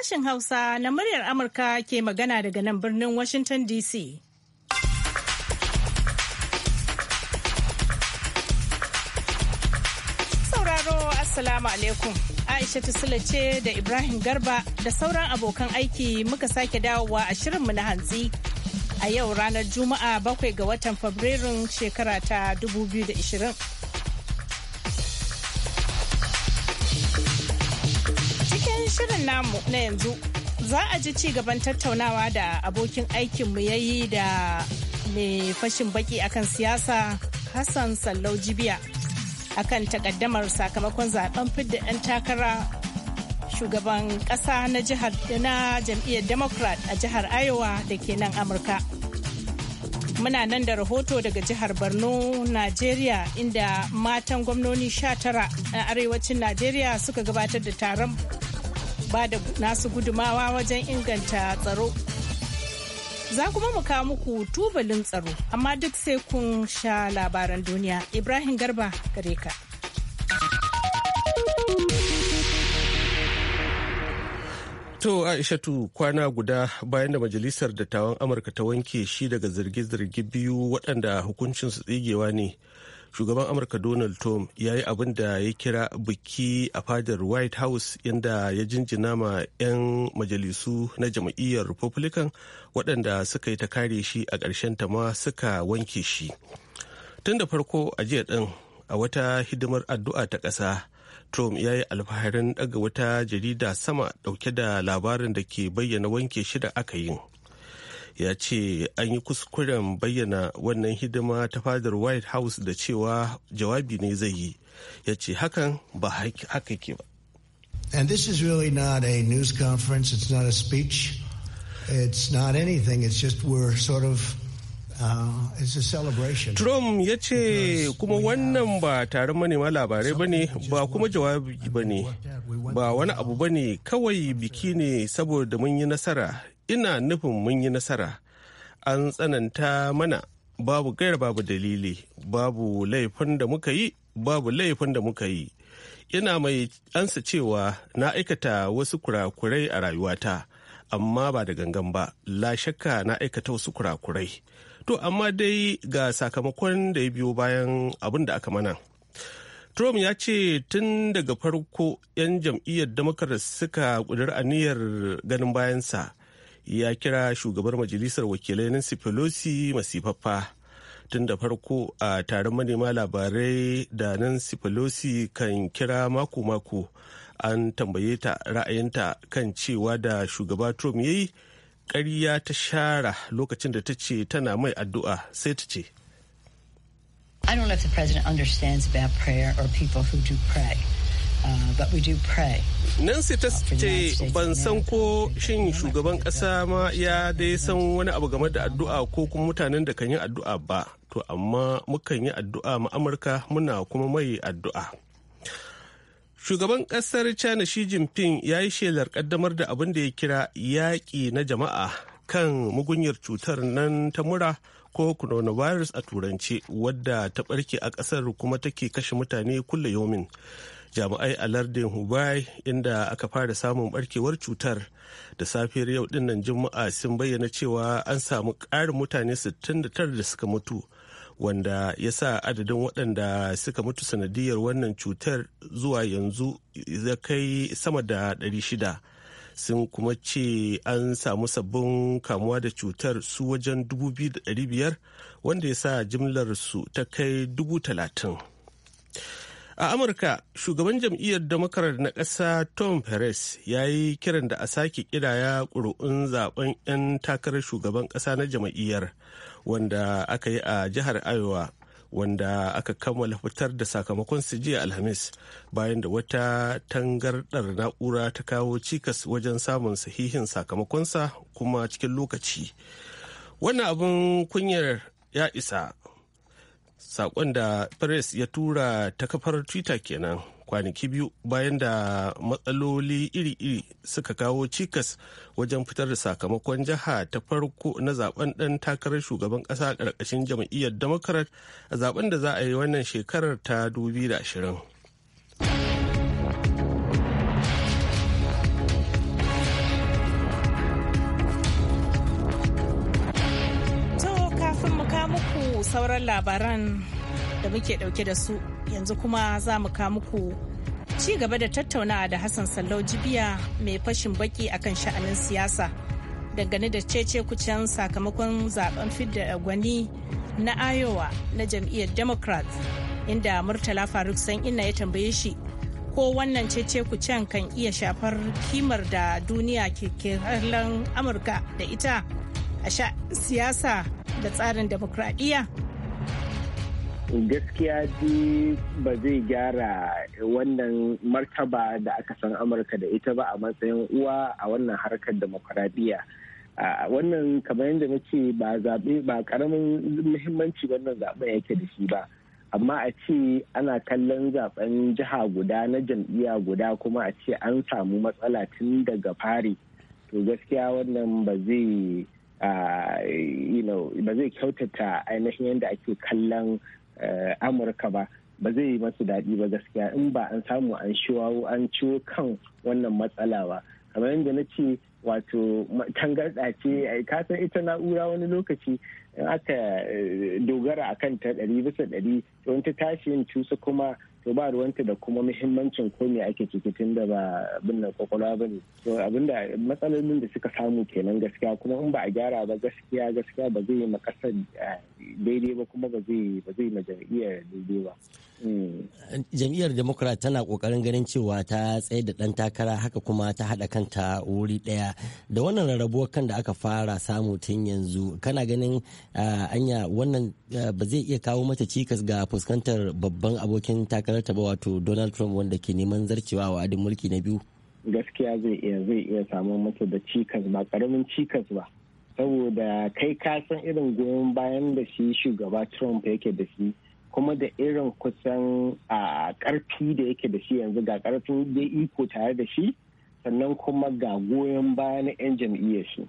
Sashen Hausa na muryar Amurka ke magana daga nan birnin Washington DC. Sauraro Assalamu alaikum. Aisha Sula ce da Ibrahim Garba da sauran abokan aiki muka sake dawowa a shirinmu na hantsi a yau ranar Juma'a bakwai ga watan Fabrairun shekara ta 2020. shirin namu na yanzu za a ji ci gaban tattaunawa da abokin aikinmu ya yi da mai fashin baki akan siyasa Hassan Sallau Jibiya akan takaddamar sakamakon zaben fidda 'yan takara shugaban kasa na jihar na jam'iyyar Democrat a jihar Iowa da ke nan Amurka. Muna nan da rahoto daga jihar Borno, Najeriya inda matan gwamnoni 19 na arewacin Najeriya suka gabatar da taron ba da nasu gudumawa wajen inganta tsaro. Za kuma mu kawo muku tubalin tsaro, amma duk sai kun sha labaran duniya. Ibrahim Garba gare ka. To Aishatu kwana guda bayan da Majalisar Dattawan Amurka ta wanke shi daga zirge-zirge biyu waɗanda hukuncinsu tsigewa ne. shugaban amurka donald trump ya yi abin da ya kira biki a fadar white house inda ya jinjina ma 'yan majalisu na jam'iyyar republican waɗanda suka yi ta kare shi a ƙarshen ta ma suka wanke shi tun da farko a jiya ɗin a wata hidimar addu'a ta ƙasa trump ya yi alfaharin ɗaga wata jarida sama ɗauke da labarin da ke bayyana wanke shi da aka yi ya ce an yi kuskuren bayyana wannan hidima ta fadar white house da cewa jawabi ne zai yi ya ce hakan ba haka ke ba and this is really not a news conference it's not a speech it's not anything it's just we're sort of uh, Trump ya ce kuma wannan ba taron manema labarai ba ne ba kuma jawabi ba ne ba wani abu ba ne kawai biki ne saboda mun yi nasara ina nufin mun yi nasara an tsananta mana babu gaira babu dalili babu laifin da muka yi babu laifin da muka yi ina mai ansa cewa na aikata wasu kurakurai a rayuwata amma ba da gangan ba la shakka na aikata wasu kurakurai to amma dai ga sakamakon da ya biyo bayan abin da aka mana Trump ya ce tun daga farko 'yan jam'iyyar Democrat suka kudur aniyar ganin bayansa ya kira shugabar majalisar wakilai Nancy Pelosi masifaffa. tun da farko a taron manema labarai da Nancy Pelosi kan kira mako-mako an tambaye ta ra'ayinta kan cewa da shugaba Trump ya yi ƙarya ta shara lokacin da ta ce tana mai addu'a sai ta ce. I don't know if the president understands about prayer or people who do pray. Ah, Nancy ta ce ban san ko shin shugaban ƙasa ma ya dai san wani abu game da addu'a ko kuma mutanen da kan yi addu'a ba. To amma mukan yi addu'a ma Amurka muna kuma mai addu'a. Shugaban kasar China Xi Jinping ya yi shelar kaddamar da abin da ya kira yaƙi na jama'a kan mugunyar cutar nan ta mura ko coronavirus a turance wadda ta ɓarke a ƙasar kuma take kashe mutane kulle yomin. jami'ai a lardin Hubei inda aka fara samun barkewar cutar da safiyar yau dinnan Juma'a sun bayyana cewa an samu ƙarin mutane 69 da suka mutu wanda ya sa adadin waɗanda suka mutu sanadiyar wannan cutar zuwa yanzu ya kai sama da 600 sun kuma ce an samu sabbin kamuwa da cutar su wajen 2,500 wanda ya sa jimlar su ta kai 30,000 A Amurka, shugaban jam'iyyar Democrat na ƙasa Tom Perez ya yi kiran da a sake ƙidaya ƙuri'un zaben 'yan takarar shugaban ƙasa na jam'iyyar wanda aka yi a jihar Iowa wanda aka kammala fitar da sakamakon su jiya Alhamis bayan da wata tangardar na'ura ta kawo cikas wajen samun sahihin sakamakonsa kuma cikin lokaci. Wannan abin kunyar ya isa sakon da Perez ya tura ta kafar Twitter kenan kwanaki biyu bayan da matsaloli iri-iri suka kawo cikas wajen fitar da sakamakon jiha ta farko na zaben dan takarar shugaban kasa karkashin jam'iyyar democrat a zaben da za a yi wannan shekarar ta 2020 sauran labaran da muke dauke da su yanzu kuma za mu ka muku ci gaba da tattaunawa da Hassan Sallau Jibiya mai fashin baki akan sha'anin siyasa dangane da cece kucen sakamakon zaben fidda gwani na Iowa na jam'iyyar Democrat inda Murtala Faruk san ina ya tambaye shi ko wannan cece kucen kan iya shafar kimar da duniya ke kallon Amurka da ita a siyasa da tsarin demokradiyya? gaskiya ji ba zai gyara wannan martaba da aka san amurka da ita ba a matsayin uwa a wannan harkar demokradiyya wannan kamar yadda muke ce ba zaɓe ba ƙaramin muhimmanci wannan zaɓen yake da shi ba amma a ce ana kallon zaɓen jiha guda na jam'iyya guda kuma a ce an samu matsala tun daga fari to gaskiya wannan ba zai Uh, ba zai kyautata ainihin yadda ake kallon uh, amurka ba ba zai yi masu daɗi ba gaskiya in ba an samu an shiwawo an ciwo kan wannan matsala ba kamar yadda na ce wato tangarɗa ce ka san ita na'ura wani lokaci in aka eh, dogara akan ta ɗari bisa ɗari to ta tashi yin cusa kuma to ba ruwanta da kuma muhimmancin ko me ake ciki tun da ba binne kwakwalwa ba ne to abinda da matsalolin da suka samu kenan gaskiya kuma in ba a gyara ba gaskiya gaskiya ba zai ma kasar eh, daidai ba kuma ba zai ba zai ma jam'iyyar daidai ba jam'iyyar democrat tana kokarin ganin cewa ta tsaye da dan takara haka kuma ta hada kanta wuri daya da wannan rarrabuwar kan da aka fara samu tun yanzu kana ganin anya wannan ba zai iya kawo mata cikas ga fuskantar babban abokin takarar ta wato donald trump wanda ke neman zarcewa wa adin mulki na biyu gaskiya zai iya zai iya samun mata da cikas ba karamin cikas ba saboda kai ka san irin goyon bayan da shi shugaba trump yake da shi kuma da irin kusan a karfi da yake da shi yanzu ga karfin da iko tare da shi sannan kuma ga goyon baya na 'yan jam'iyyar shi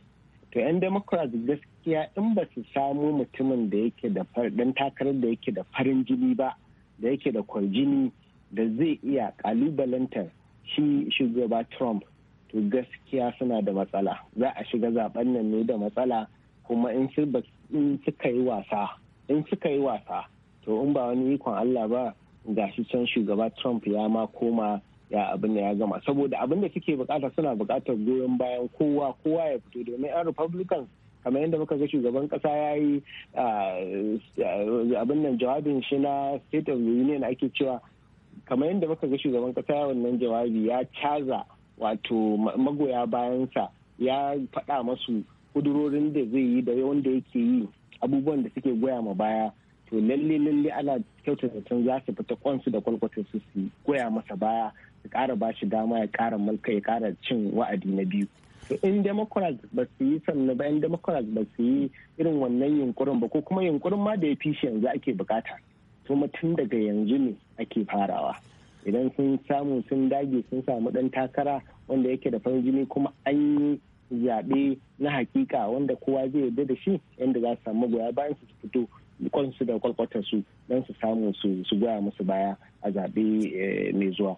to 'yan democrats gaskiya in ba su samu mutumin da yake da dan takarar da yake da farin jini ba da yake da kwarjini da zai iya kalubalantar shi shugaba trump to gaskiya suna da matsala za a shiga zaben nan ne da matsala kuma in suka yi wasa in suka yi wasa to in ba wani ikon Allah ba shi can shugaba Trump ya ma koma ya abin da ya gama saboda abin da suke bukata suna bukatar goyon bayan kowa kowa ya fito domin yan republican kamar yadda muka ga shugaban kasa ya yi abin nan jawabin shi na state of the union ake cewa kamar yadda muka ga shugaban kasa ya wannan jawabi ya caza wato magoya bayansa ya faɗa masu kudurorin da zai yi da wanda yake yi abubuwan da suke goya ma baya to lalle lalle ana kyautata can za su fita kwansu da kwalkwata su su goya masa baya su kara ba shi dama ya kara mulka ya kara cin wa'adi na biyu to in democrats ba su yi sannan ba in democrats ba su yi irin wannan yunkurin ba ko kuma yunkurin ma da ya fi shi yanzu ake bukata to mutum daga yanzu ne ake farawa idan sun samu sun dage sun samu dan takara wanda yake da farin jini kuma an yi zaɓe na hakika wanda kowa zai yarda da shi yadda za su samu goya bayan su fito kwansu da kwalkwatar su don su samu su goya musu baya a zaɓe eh, mai zuwa.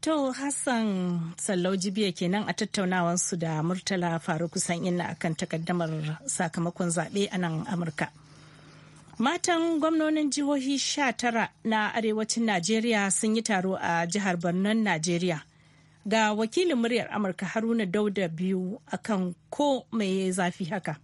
To Hassan Sallauji Jibiya kenan a tattaunawar su da Murtala Faruku ina akan takaddamar sakamakon zaɓe a nan Amurka. Matan gwamnonin jihohi sha tara na arewacin Najeriya sun yi taro a jihar Barnon Najeriya. Ga wakilin muryar Amurka Haruna Dauda biyu akan ko mai zafi haka.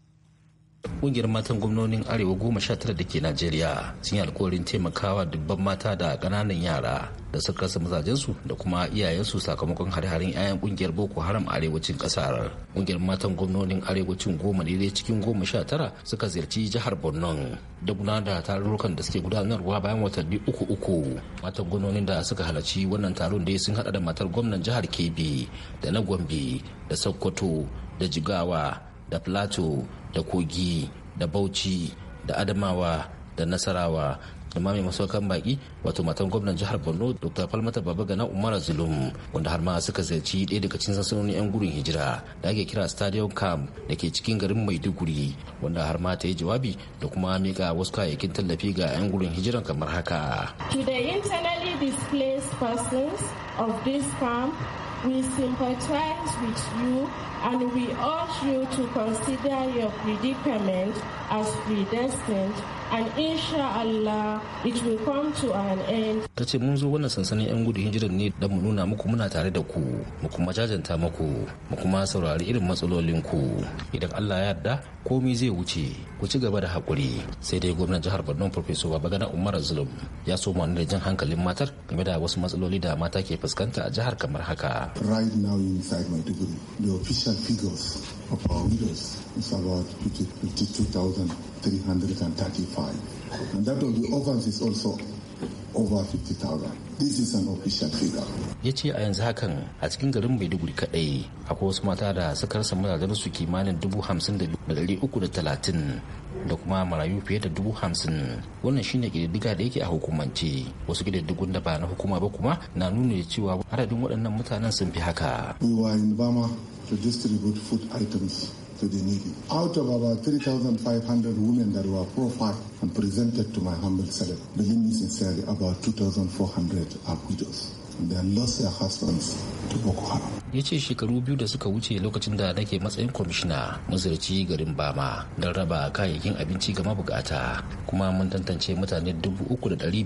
Ƙungiyar matan gwamnonin Arewa goma sha tara da ke Najeriya sun yi alkawarin taimakawa dubban mata da ƙananan yara da suka rasa mazajensu da kuma iyayensu sakamakon hare-haren 'ya'yan ƙungiyar Boko Haram a arewacin ƙasar. Ƙungiyar matan gwamnonin arewacin goma ne cikin goma sha tara suka ziyarci jihar Borno da gudanar da tarurrukan da suke gudanarwa bayan watanni uku uku. Matan gwamnonin da suka halarci wannan taron dai sun haɗa da matar gwamnan jihar Kebbi da na Gombe da Sokoto da Jigawa da plateau da kogi da bauchi da adamawa da nasarawa da mai masaukan baki wato matan gwamnan jihar borno dr falmata gana umar zulum wanda har ma suka ziyarci daya daga cikin sansanoni yan gurin hijira da ake kira stadium camp da ke cikin garin maiduguri wanda har ma ta yi jawabi da kuma miƙa wasu kayayyakin tallafi ga yan gurin hijiran kamar haka to the internally displaced persons of this camp We sympathize with you and we urge you to consider your predicament as predestined and Allah it will come to an end. Ta ce mun zo wannan sansanin 'yan gudu hijirar ne don mu nuna muku muna tare da ku mu kuma jajanta muku mu kuma saurari irin matsalolinku idan Allah ya yarda komai zai wuce ku ci gaba da hakuri sai dai gwamnan jihar Borno Professor Babagana Umar Zulum ya so mu da jin hankalin matar game da wasu matsaloli da mata ke fuskanta a jihar kamar haka. Right now inside degree, the official figures of widows is about 52,000 335. And that of the orphans is also over 50,000. this a yanzu hakan a cikin garin maiduguri kadai akwai wasu mata da suka rasa mazajen su kimanin dubu hamsin da dari uku da talatin da kuma marayu fiye da dubu hamsin wannan shine kididdiga da yake a hukumance wasu kididdigun da ba na hukuma ba kuma na nuna da cewa adadin waɗannan mutanen sun fi haka. we were in bama to distribute food items to the needy. Out of about 3,500 women that were profiled and presented to my humble self, believe me sincerely, about 2,400 are widows. ya ce shekaru biyu da suka wuce lokacin da nake matsayin kwamishina mazirci garin bama don raba kayayyakin abinci ga mabukata kuma mun tantance mutane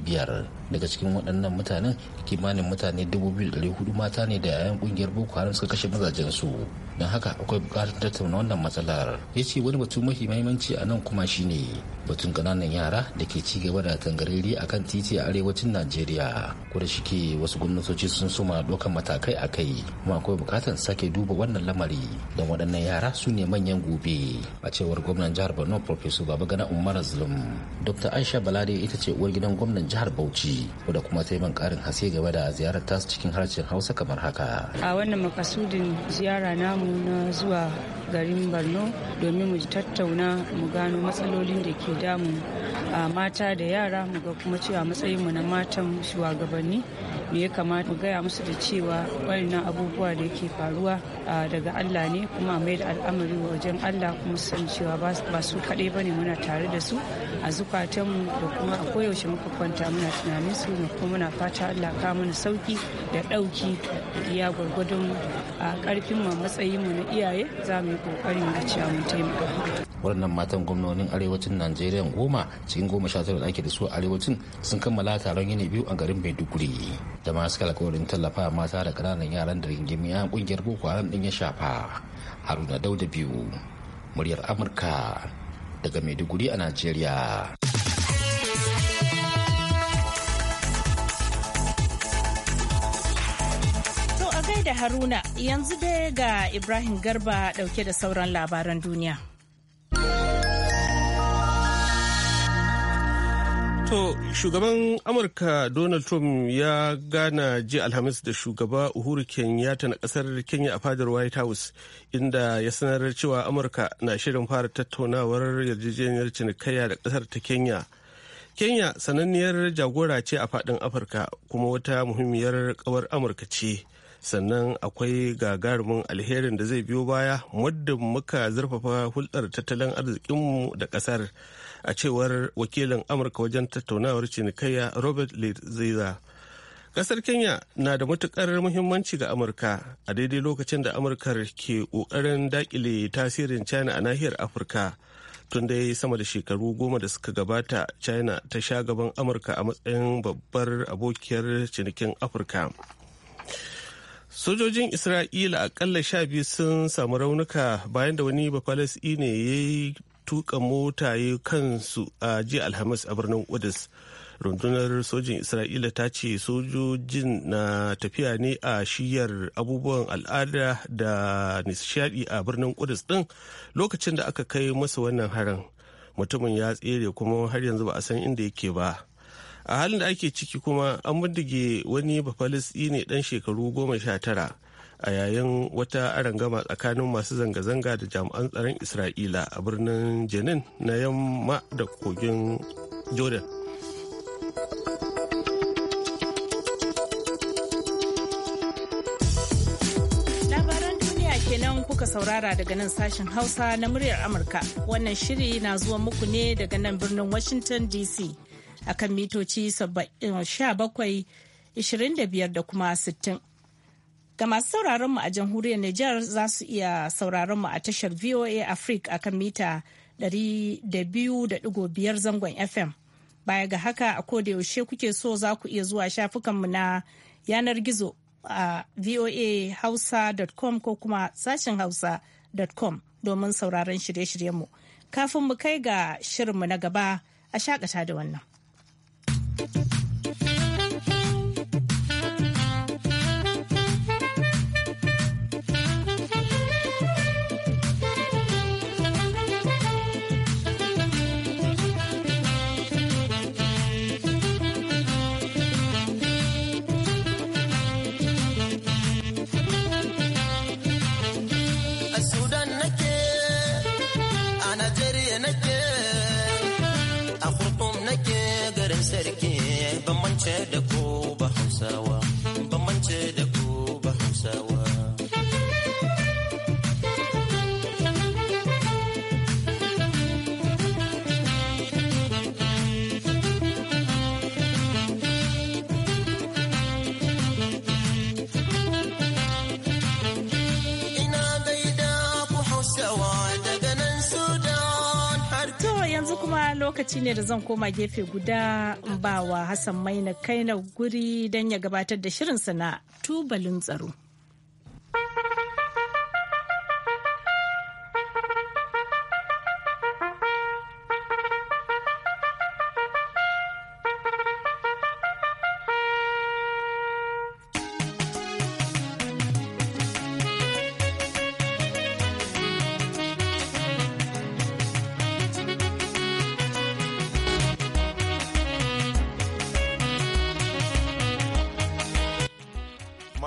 biyar daga cikin waɗannan mutanen kimanin mutane hudu mata ne da 'ya'yan ƙungiyar boko haram suka kashe mazajensu don haka akwai bukatar tattauna wannan matsalar ya ce wani batu mafi mahimmanci a nan kuma shine batun kananan yara da ke ci gaba da tangariri a kan titi a arewacin najeriya ko da shike wasu gwamnatoci sun suma dokan matakai a kai kuma akwai bukatar sake duba wannan lamari don waɗannan yara su ne manyan gobe a cewar gwamnan jihar borno professor babagana umar zulum dr aisha balade ita ce uwar gidan gwamnan jihar bauchi wadda kuma ta yi man karin haske gaba da ziyarar tasu cikin harshen hausa kamar haka a wannan makasudin ziyara namu mu na zuwa garin borno domin mu tattauna mu gano matsalolin da ke damu a mata da yara mu ga kuma cewa matsayinmu na matan shugabanni me ya kamata mu gaya musu da cewa wannan abubuwa da yake faruwa daga Allah ne kuma mai da al'amari wajen Allah kuma san cewa ba su kaɗai ba ne muna tare da su a zukatanmu da kuma a koyaushe muka kwanta muna tunanin su da kuma muna fata Allah ka mana sauki da ɗauki iya gwargwadon a ƙarfin mu matsayin mu na iyaye za mu yi ƙoƙarin da cewa mun taimaka. Waɗannan matan gwamnonin arewacin Najeriya goma cikin goma sha tara da ake da su a arewacin sun kammala taron yini biyu a garin Maiduguri. da ma suka alkawarin tallafa mata da ƙananan yaran da rigimi a ƙungiyar boko haram ɗin ya shafa haruna dauda biyu muryar amurka daga maiduguri a najeriya da haruna yanzu dai ga ibrahim garba dauke da sauran labaran duniya To, shugaban Amurka Donald Trump ya gana ji Alhamis da shugaba Uhuru Kenyatta na kasar Kenya a fadar White House, inda ya sanar cewa Amurka na shirin fara tattaunawar yarjejeniyar cinikayya da kasar ta Kenya. Kenya sananniyar jagora ce a fadin Afirka kuma wata muhimmiyar kawar Amurka ce. Sannan akwai gagarumin alherin da zai biyo baya muddin muka zurfafa hulɗar tattalin arzikinmu da ƙasar. a cewar wakilin amurka wajen tattaunawar cinikayya robert Ziza. kasar kenya na da matukar muhimmanci ga amurka a daidai lokacin da amurka ke kokarin dakile tasirin china a nahiyar afirka tun dai sama da shekaru goma da suka gabata china ta sha gaban amurka a matsayin babbar abokiyar cinikin afirka sojojin isra'ila akalla sha biyu sun samu raunuka bayan da wani bafalasɗi ne ya yi tuka motaye kansu a jiya alhamis a birnin Udis. rundunar sojin isra'ila ta ce sojojin na tafiya ne a shiyar abubuwan al'ada da nishadi a birnin Udis din lokacin da aka kai masa wannan harin mutumin ya tsere kuma har yanzu ba a san inda yake ba a halin da ake ciki kuma an bindige wani bafalis ne dan shekaru goma sha tara a yayin wata arangama tsakanin masu zanga-zanga da jami'an tsaron isra'ila a birnin jenin na yamma da kogin jordan labaran duniya kenan kuka saurara daga nan sashen hausa na muryar amurka wannan shiri na zuwa muku ne daga nan birnin washington dc akan mitoci 17 25 da kuma 60 Ga masu sauraron mu a jamhuriyar Nijar za su iya sauraron mu a tashar VOA Africa a kan mita 200.5 zangon FM. Baya ga haka a da yaushe kuke so za ku iya zuwa shafukanmu na yanar gizo a voahausa.com ko kuma sashen hausa.com domin sauraron shirye-shiryenmu. Kafin mu kai ga shirinmu na gaba a shakata da wannan. sarki bambance da ku ne da zan koma gefe guda in ba Hassan Maina kai na guri don ya gabatar da shirinsa na tubalin tsaro.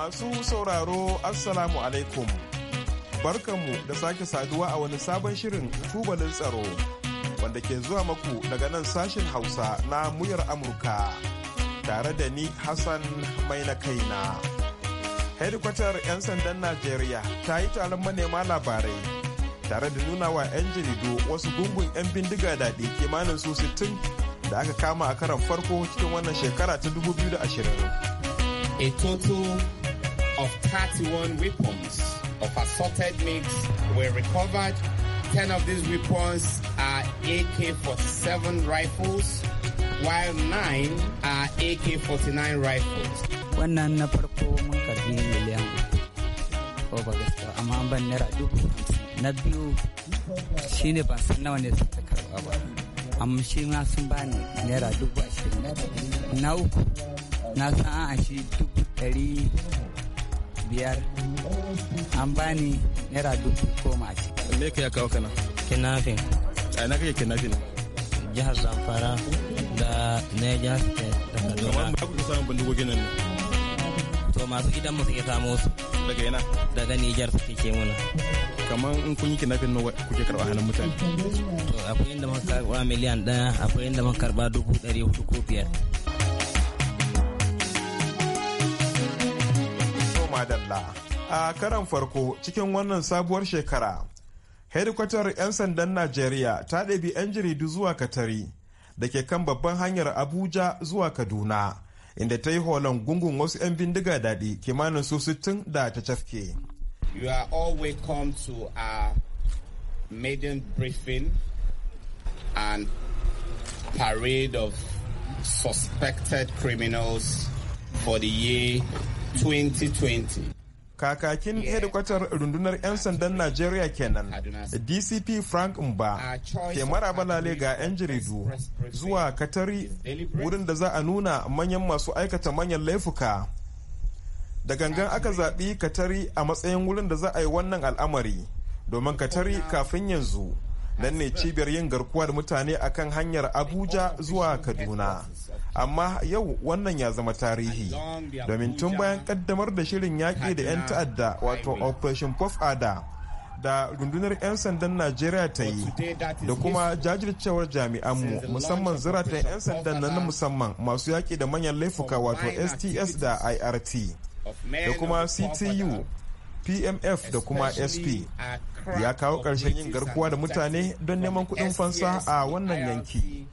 Masu sauraro Assalamu alaikum. Barkanmu da sake saduwa a wani sabon shirin tubalin tsaro wanda ke zuwa maku daga nan sashen Hausa na muyar Amurka tare da ni Hassan mai na kaina. Hedikwatar 'yan sandan Najeriya ta yi taron manema labarai tare da nuna wa 'yan jaridu wasu gungun 'yan bindiga daɗi kimanin su 60 da aka kama a karan farko cikin wannan shekara ta 2020. A total of 31 weapons of assorted mix were recovered. 10 of these weapons are AK-47 rifles, while 9 are AK-49 rifles. biyar an bani naira dubu goma ce. Me ka ya kawo kana? Kinafin. A ina kake kinafin? Jihar Zamfara da Niger State da Kaduna. Kamar ba ku samun bindigogin nan ne? To masu gidan mu suke samu su. Daga ina? Daga Niger suke ke muna. kamar in kun yi kinafin nawa kuke karɓa hannun mutane? To akwai inda muka karɓa miliyan ɗaya akwai inda muka karɓa dubu ɗari hudu ko biyar. dalla a karan farko cikin wannan sabuwar shekara hedikwatar 'yan sandan najeriya ta ɗabi 'yan jaridu zuwa katari da ke kan babban hanyar abuja zuwa kaduna inda ta yi holon gungun wasu 'yan bindiga daɗi kimanin su 60 da ta cafke you are all welcome to our maiden briefing and parade of suspected criminals for the year 2020. Kakakin hedikwatar rundunar 'yan sandan Najeriya kenan, DCP Frank Mba, ke marabalale ga 'yan jaridu zuwa Katari wurin da za a nuna manyan masu aikata manyan laifuka. Da gangan aka zaɓi Katari a matsayin wurin da za a yi wannan al'amari, domin Katari kafin yanzu. nan ne cibiyar yin garkuwa da mutane akan hanyar abuja zuwa kaduna amma yau wannan ya zama tarihi domin tun bayan kaddamar da shirin yaƙi da 'yan ta'adda wato operation puff ada da rundunar 'yan sandan najeriya ta yi da kuma jajircewar jami'an mu musamman ziratan 'yan sandan na musamman masu yaƙi da manyan laifuka wato sts da irt da kuma ctu pmf da kuma sp uh, ya kawo ƙarshen yin garkuwa da mutane don neman kuɗin fansa a wannan yanki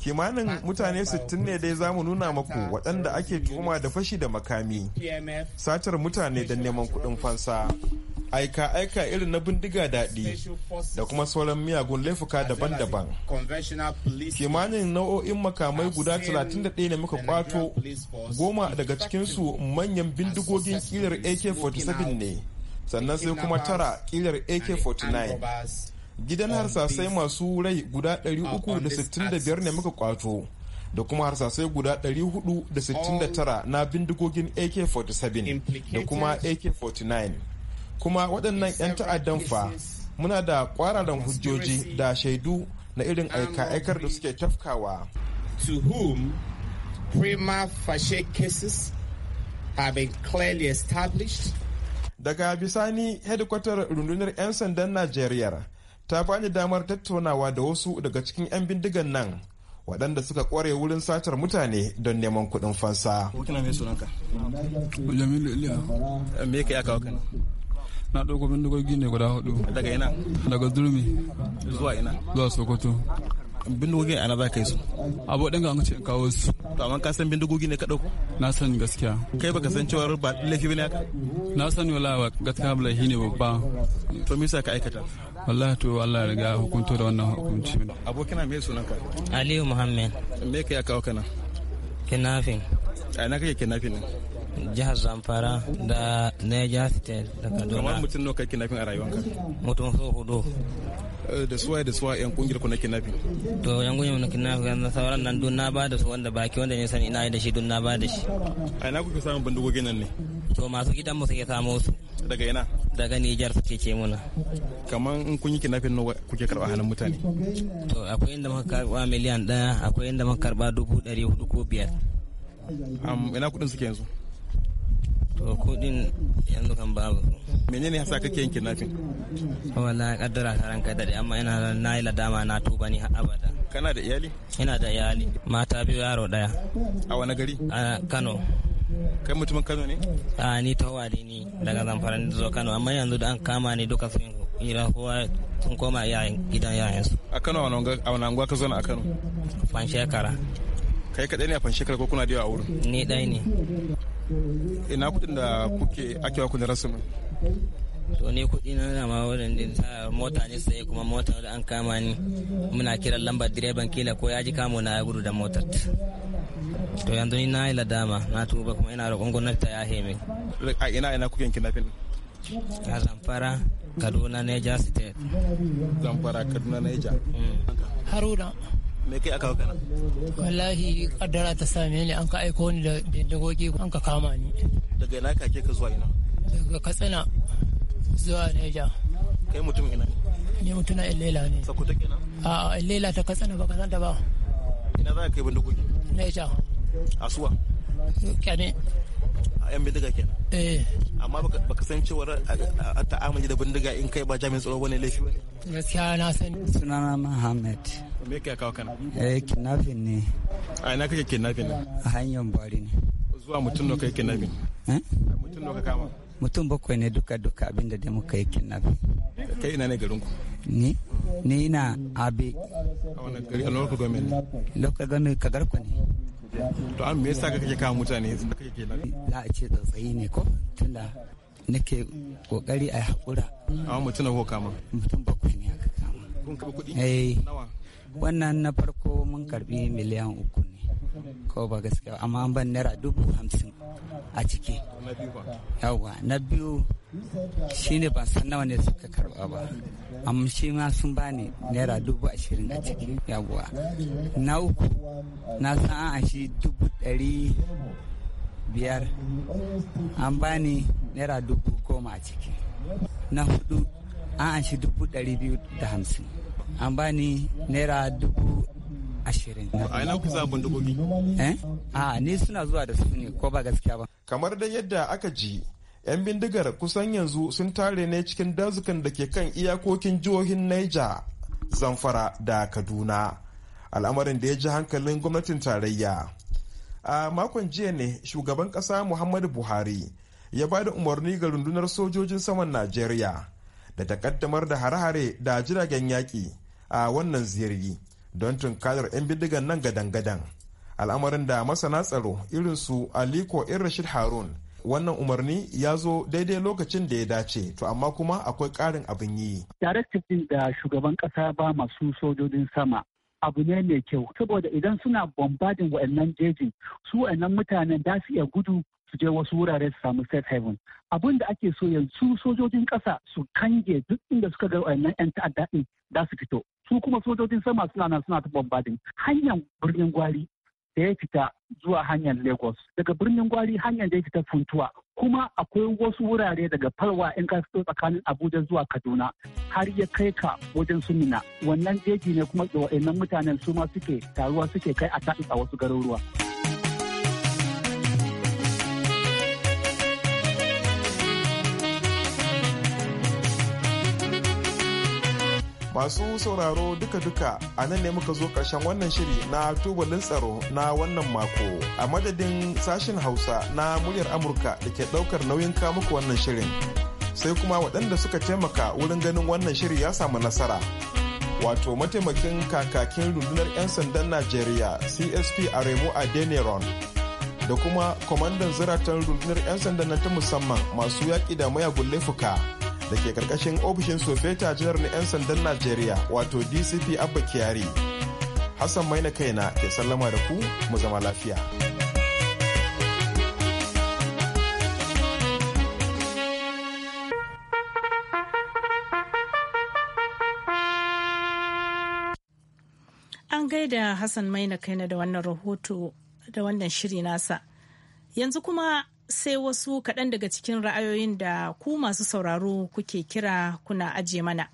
kimanin mutane 60 uh, ne dai zamu nuna maku waɗanda ake tuhuma da fashi da makami satar mutane don neman kuɗin fansa aika-aika irin na bindiga daɗi da kuma sauran miyagun laifuka daban-daban. Kimanin nau'o'in makamai guda 31 ne muka kwato goma daga cikinsu manyan bindigogin kilar AK-47 ne, sannan sai kuma tara kilar AK-49. Gidan harsasai masu rai guda 365 uh, ne muka kwato. da kuma harsasai guda 469 na bindigogin AK-47 da kuma AK-49. kuma waɗannan 'yan ta'addan fa muna da kwararan hujjoji da shaidu na irin aika-aikar da suke tafkawa. To whom prima facie cases have been clearly established. Daga bisani hedikwatar rundunar 'yan sandan Najeriya ta bani damar tattaunawa da wasu daga cikin 'yan bindigan nan waɗanda suka kware wurin satar mutane don neman kuɗin fansa. na ɗauko bindigogi ne guda hudu daga ina daga durmi zuwa ina zuwa sokoto bindigogi ana za ka yi su abu ɗin ga ce kawo su to amma ka san bindigogi ne ka ɗauko na san gaskiya kai baka san cewa ba laifi bane haka na san wala ba gaskiya ba laifi ne babba to me ka aikata wallahi to Allah ya riga hukunto da wannan hukunci abokina me sunan ka Aliyu Muhammad me kai ya kawo kana kinafin a na kake kinafin ne jihar zamfara da niger state da kaduna kamar mutum nawa kai nafin a rayuwanka mutum so hudu eh, da suwaye da suwaye yan kungiyar ku na nafi. to yan kungiyar na nafi na sauran nan dun na ba da su wanda baki wanda ne san ina yi da shi dun na ba da shi a ina kuke samun bindigogi nan ne to masu gidan mu suke samu su daga ina daga Nijar suke ce muna kamar in kun yi kidnapping nawa kuke karba halin mutane to akwai inda muka karba miliyan daya akwai inda muka karba dubu dari hudu ko biyar ina kudin suke yanzu kudin yanzu kan babu menene yasa kake yin kidnapping Wala kaddara ta ranka da amma ina na yi ladama na tuba ni har abada kana da iyali ina da iyali mata biyu yaro daya a wani gari a Kano kai mutumin Kano ne a ni ta wale daga Zamfara ni zo Kano amma yanzu da an kama ni duka sun ira kowa sun koma iyayen gidan yayansu a Kano a wani anguwa ka zo a Kano fan shekara kai kadai ne a fan shekara ko kuna da yawa a wurin ni dai ne ina kudin da kuke akewa kudin da rasu to ne kudi na nama wurin din mota ne sai kuma mota da an kama ni muna kiran lambar direban kila ko ya ji kamo na ya gudu da motar to yanzu ni na yi ladama na tuba kuma ina roƙon gwamnati ta ya heme a ina ina kuke kidnapping a zamfara kaduna niger state zamfara kaduna niger mm. haruna me kai aka hauka wallahi kaddara ta same ni an ka aiko ni da dagogi an ka kama ni daga ina ka ke ka zuwa ina daga katsina zuwa neja kai mutum ina ne mutuna illela ne sakuta kenan a illela ta katsina ba ka san ta ba ina za ka kai bindigogi neja asuwa kyane yan bindiga kenan eh amma baka san cewa a ta'amali da bindiga in kai ba jami'in tsoro wani laifi bane gaskiya na san sunana Muhammad me yake kawo kana eh kidnapping ne a ina kake kidnapping ne a hanyar bari ne zuwa mutum nawa kai kidnapping eh mutum nawa kama mutum bakwai ne duka duka abinda da muka yi kidnapping kai ina ne garin ku ni ni ina abe a wannan gari a local government local government kagar ku ne to an me yasa ka kake kawo mutane da kake ke za a ce tsatsayi ne ko tunda nake kokari a hakura amma mutum na kama mutum bakwai ne aka kama kun kaba kuɗi eh wannan na farko mun karbi miliyan uku ne ko ba gaskiya amma an ban naira dubu hamsin a ciki yawwa na biyu shi ne ban san nawa ne suka karba ba amma shi ma sun bani naira dubu ashirin a ciki yawwa na uku na san an shi dubu dari biyar an bani naira dubu goma a ciki na hudu an an shi dubu dari biyu da hamsin an bani naira dubu ashirin. A ina ku za bindigogi? Eh? A ni suna zuwa da su ne ko ba gaskiya ba. Kamar dai yadda aka ji 'yan bindigar kusan yanzu sun tare ne cikin dazukan da ke kan iyakokin jihohin Niger, Zamfara da Kaduna. Al'amarin da ya ji hankalin gwamnatin tarayya. A makon jiya ne shugaban kasa Muhammadu Buhari ya ba da umarni ga rundunar sojojin saman Najeriya da ta ƙaddamar da hare-hare da jiragen yaƙi a wannan ziyarci don tunkarar 'yan bindigan nan gadan-gadan al'amarin da masana tsaro irin su aliko in rashid harun wannan umarni ya zo daidai lokacin da ya dace to amma kuma akwai karin abin yi. ɗin da shugaban ƙasa ba masu sojojin sama abu ne mai kyau saboda idan suna bombardin wa'annan jejin su wa'annan mutanen da su iya gudu su je wasu wurare su samu safe haven abin da ake so yanzu sojojin ƙasa su kange duk inda suka ga wayannan 'yan ta'adda din za su fito su kuma sojojin sama suna nan suna ta bombarding hanyar birnin gwari da ya fita zuwa hanyar lagos daga birnin gwari hanyar da ya fita funtuwa kuma akwai wasu wurare daga falwa in ka fito tsakanin abuja zuwa kaduna har ya kai ka wajen sumina wannan jeji ne kuma wayannan mutanen su ma suke taruwa suke kai a a wasu garuruwa. Masu sauraro duka-duka a nan ne muka zo karshen wannan shiri na tubalin tsaro na wannan mako. A madadin sashen Hausa na muryar Amurka da ke ɗaukar nauyin muku wannan shirin. Sai kuma waɗanda suka taimaka wurin ganin wannan shiri ya samu nasara. Wato mataimakin kakakin rundunar 'yan sandan Najeriya CSP a remo a deneron da kuma kwamandan ziratan rundunar 'yan sandan ta musamman masu yaƙi da mayagun laifuka. da ke karkashin ofishin sofeta jihar na 'yan sandan najeriya wato dcp abba kyari hassan maina kaina ke sallama da ku mu zama lafiya an gaida hassan maina kaina da wannan rahoto da wannan shiri nasa yanzu kuma sai wasu kaɗan daga cikin ra'ayoyin da ku masu sauraro kuke kira kuna ajiye mana.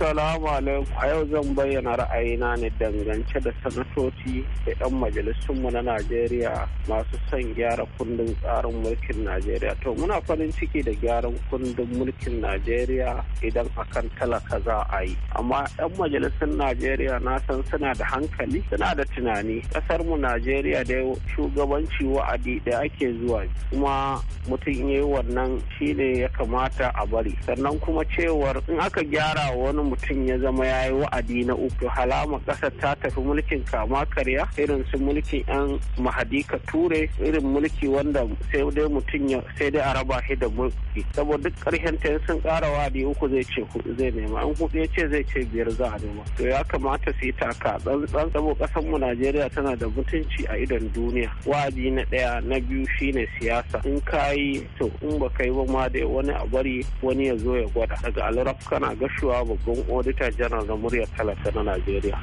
Assalamu alaikum a yau zan bayyana ra'ayina ne dangance da sanatoci da 'yan majalisunmu na Najeriya masu son gyara kundin tsarin mulkin Najeriya. To muna farin ciki da gyaran kundin mulkin Najeriya idan akan talaka za a yi. Amma 'yan majalisun Najeriya na san suna da hankali suna da tunani. Kasar mu Najeriya da shugabanci wa'adi da ake zuwa kuma mutum yi wannan shine ya kamata a bari. Sannan kuma cewar in aka gyara wani mutum ya zama ya yi wa'adi na uku halama ƙasar ta tafi mulkin kama karya irin su mulkin yan mahadika ture irin mulki wanda sai dai mutum ya sai dai a raba shi da mulki saboda duk ƙarshen ta sun ƙara wa'adi uku zai ce zai nema an kuɗi ya ce zai ce biyar za a nema to ya kamata su yi taka tsantsan saboda ƙasar mu Najeriya tana da mutunci a idon duniya wa'adi na ɗaya na biyu shine siyasa in ka yi to in ba kai ba ma dai wani a bari wani ya zo ya gwada daga alarab kana gashuwa babban auditor general na muryar talaka na najeriya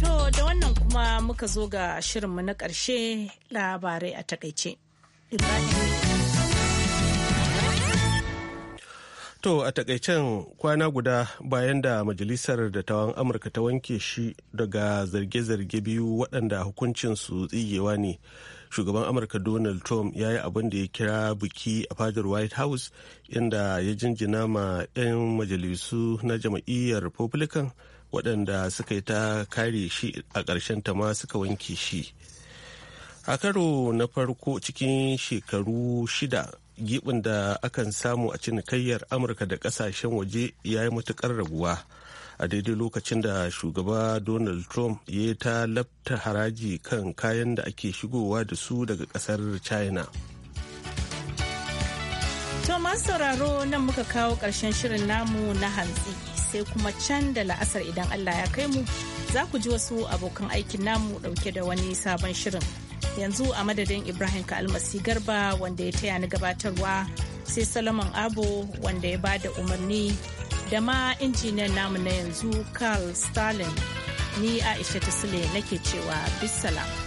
to da wannan kuma muka zo ga shirinmu na ƙarshe labarai a takaice To a takaicen kwana guda bayan da majalisar dattawan Amurka ta wanke shi daga zarge-zarge biyu waɗanda hukuncinsu tsigewa ne shugaban amurka donald trump ya yi abin da ya kira biki a fadar white house inda ya jinjina ma 'yan majalisu na jam'iyyar republican waɗanda suka yi ta kare shi a ƙarshen ta ma suka wanke shi a karo na farko cikin shekaru shida gibin da akan samu a cinikayyar amurka da ƙasashen waje ya yi matuƙar raguwa. a daidai lokacin da shugaba donald trump ya ta labta haraji kan kayan da ake shigowa da su daga kasar china to sauraro nan muka kawo ƙarshen shirin namu na hantsi sai kuma can da la'asar idan allah ya kai mu za ku ji wasu abokan aikin namu dauke da wani sabon shirin yanzu a madadin ibrahim kalmasi garba wanda ya taya ni gabatarwa sai solomon abu wanda ya ba da umarni da ma injiniyan namu na yanzu Carl Stalin ni Aisha Sule nake cewa bisalam.